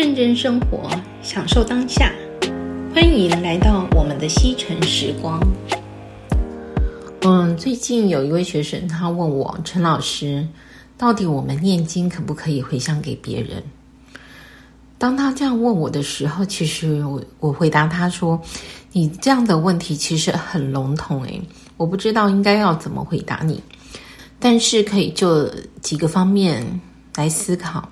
認真生活，享受當下。歡迎來到我們的西城時光。嗯，最近有一位學生他問我陳老師，到底我們念經可不可以回向給別人？當他這樣問我的時候，其實我我回答他說：“你這樣的問題其實很籠統，哎，我不知道應該要怎麼回答你，但是可以就幾個方面來思考。”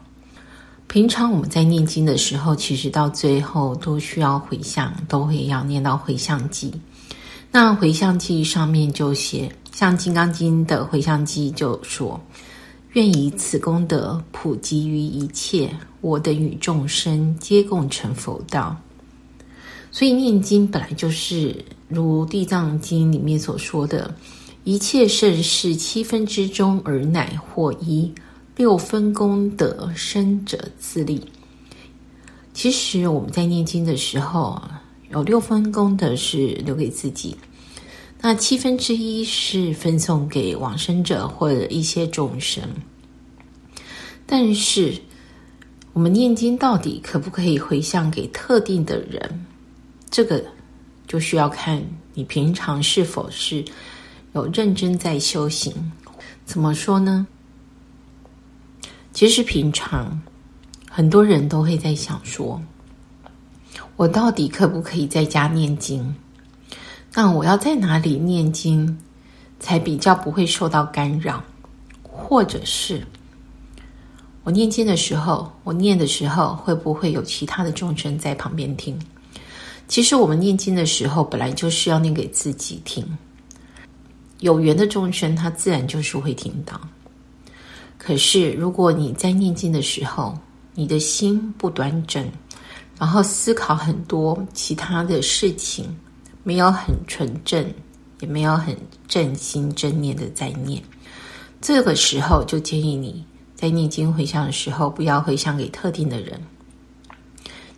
平常我們在念經的時候，其實到最後都需要回向，都會要念到回向偈，那回向偈上面就寫，像《金剛經》的回向偈就說：“願以此功德普及於一切，我等與眾生皆共成佛道。”所以念經本來就是如《地藏經》裡面所說的：“一切聖事七分之中，而乃獲一。”六分功德，生者自立。其實我們在念經的時候，有六分功德是留給自己，那七分之一是分送給往生者或者一些眾生。但是我們念經到底可不可以回向給特定的人？這個就需要看你平常是否是有認真在修行。怎麼說呢？其實平常，很多人都會在想說：“我到底可不可以在家念經？那我要在哪裡念經，才比較不會受到干擾？或者是我念經的時候，我念的時候會不會有其他的眾生在旁邊聽？”其實我們念經的時候，本來就是要念給自己聽。有緣的眾生，他自然就是會聽到。可是，如果你在念經的時候，你的心不端正，然後思考很多其他的事情，沒有很純正，也沒有很正心正念的在念，這個時候就建議你在念經回向的時候，不要回向給特定的人，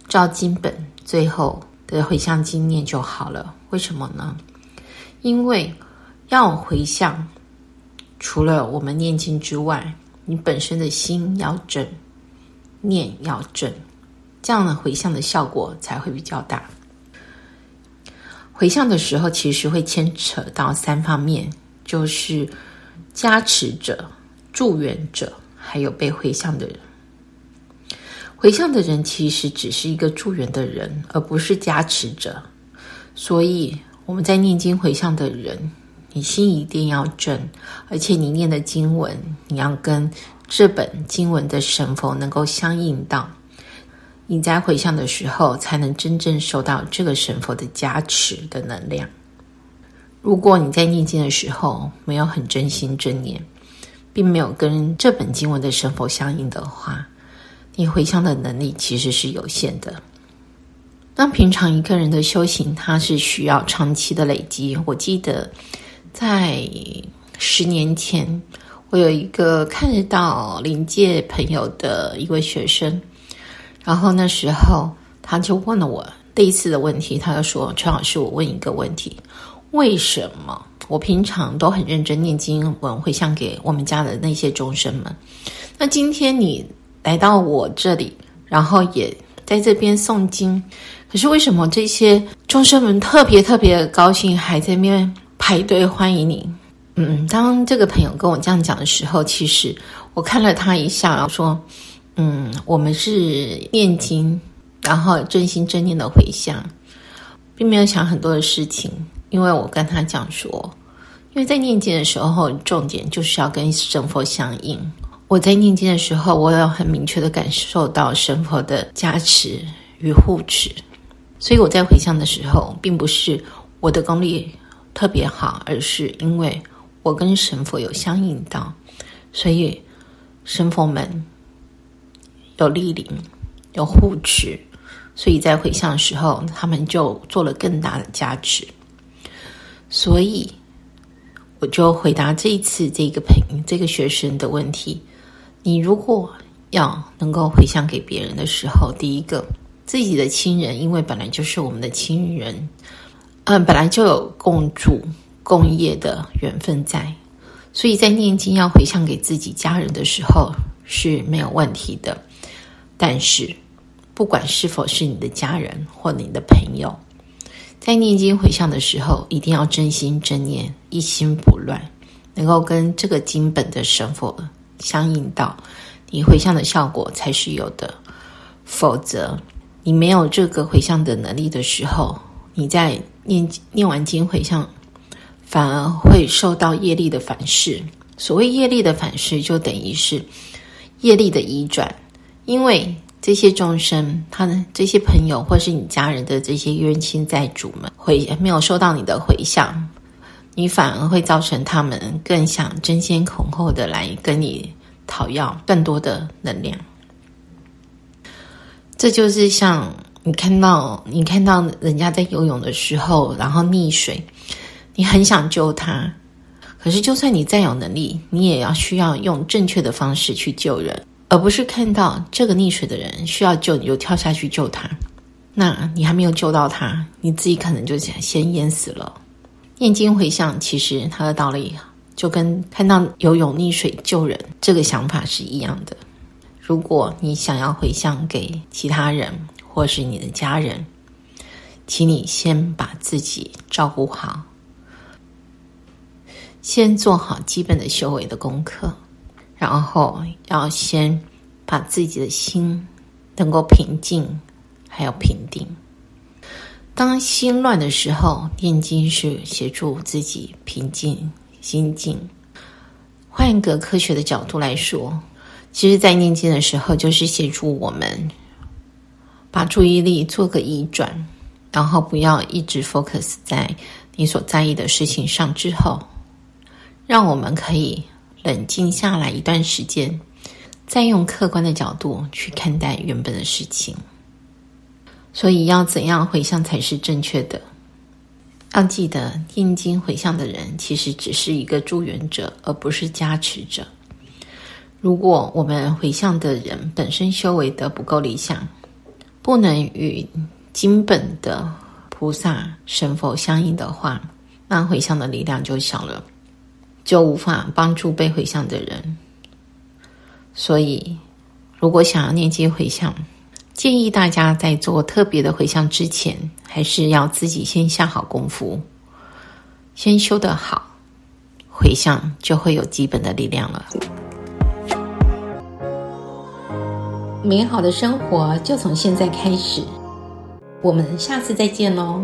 照經本最後的回向經念就好了。為什麼呢？因為要回向，除了我們念經之外，你本身的心要正，念要正，這樣的回向的效果才會比較大。回向的時候，其實會牽扯到三方面，就是加持者、助緣者，還有被回向的人。回向的人其實只是一個助緣的人，而不是加持者。所以我們在念經回向的人。你心一定要正，而且你念的經文，你要跟這本經文的神佛能夠相應到，你在回向的時候，才能真正受到這個神佛的加持的能量。如果你在念經的時候沒有很真心真念，並沒有跟這本經文的神佛相應的話，你回向的能力其實是有限的。那平常一個人的修行，它是需要長期的累積。我記得。在十年前，我有一個看得到靈界朋友的一位學生，然後那時候他就問了我類似的問題，他就說：“陳老師，我問一個問題，為什麼我平常都很認真念經文，迴向給我們家的那些眾生們？那今天你來到我這裡，然後也在這邊誦經，可是為什麼這些眾生們特別特別高興，還在面？”排隊歡迎你。嗯，當這個朋友跟我這樣講的時候，其實我看了他一下，然後說：“嗯，我們是念經，然後真心真念的回向，並沒有想很多的事情。”因為我跟他講說，因為在念經的時候，重點就是要跟神佛相應。我在念經的時候，我有很明確的感受到神佛的加持與護持，所以我在回向的時候，並不是我的功力。特別好，而是因為我跟神佛有相應的，所以神佛們有蒞臨，有護持，所以在回向的時候，他們就做了更大的價值。所以我就回答這一次這個這個學生的問題：你如果要能夠回向給別人的時候，第一個自己的親人，因為本來就是我們的親人。嗯，本來就有共住共業的緣分在，所以在念經要回向給自己家人的時候是沒有問題的。但是，不管是否是你的家人或你的朋友，在念經回向的時候，一定要真心真念，一心不亂，能夠跟這個經本的神佛相應到，你回向的效果才是有的。否則，你沒有這個回向的能力的時候，你在念念完經回向，反而會受到業力的反噬。所謂業力的反噬，就等於是業力的移轉。因為這些眾生，他的這些朋友或是你家人的這些冤親債主們，回沒有收到你的回向，你反而會造成他們更想爭先恐後的來跟你討要更多的能量。這就是像。你看到，你看到人家在游泳的時候，然後溺水，你很想救他，可是，就算你再有能力，你也要需要用正確的方式去救人，而不是看到這個溺水的人需要救，你就跳下去救他。那你還沒有救到他，你自己可能就想先淹死了。念經回向其實它的道理就跟看到游泳溺水救人這個想法是一樣的。如果你想要回向給其他人。或是你的家人，請你先把自己照顧好，先做好基本的修為的功課，然後要先把自己的心能夠平靜，還有平定。當心亂的時候，念經是協助自己平靜心靜。換一個科學的角度來說，其實，在念經的時候，就是協助我們。把注意力做個移轉，然後不要一直 focus 在你所在意的事情上。之後，讓我們可以冷靜下來一段時間，再用客觀的角度去看待原本的事情。所以，要怎樣回向才是正確的？要記得，念經回向的人其實只是一個助緣者，而不是加持者。如果我們回向的人本身修為的不夠理想，不能與經本的菩薩神佛相應的話，那回向的力量就小了，就無法幫助被回向的人。所以，如果想要念經回向，建議大家在做特別的回向之前，還是要自己先下好功夫，先修得好，回向就會有基本的力量了。美好的生活就從現在開始，我們下次再見嘍。